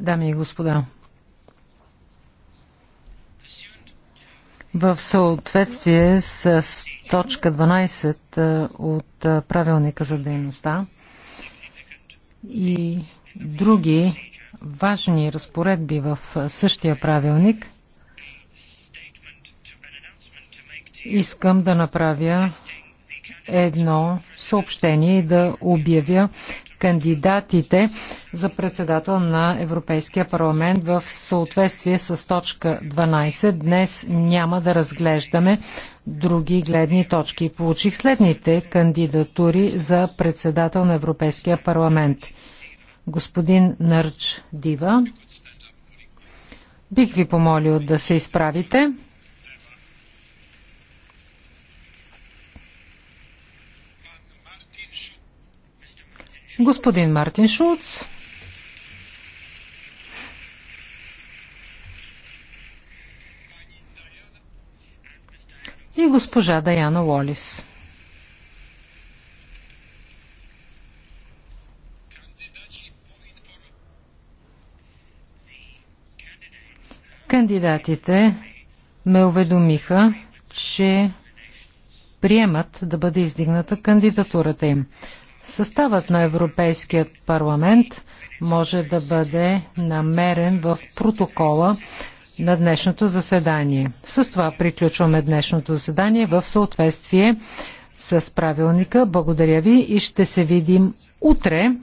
дами и господа, в съответствие с точка 12 е, от е, правилника за дейността и други важни разпоредби в същия правилник, искам да направя едно съобщение и да обявя кандидатите за председател на Европейския парламент в съответствие с точка 12. Днес няма да разглеждаме други гледни точки. Получих следните кандидатури за председател на Европейския парламент. Господин Нърч Дива, бих ви помолил да се изправите. Господин Мартин Шулц. И госпожа Даяна Уолис. Кандидатите ме уведомиха, че приемат да бъде издигната кандидатурата им. Съставът на Европейският парламент може да бъде намерен в протокола на днешното заседание. С това приключваме днешното заседание в съответствие с правилника. Благодаря ви и ще се видим утре.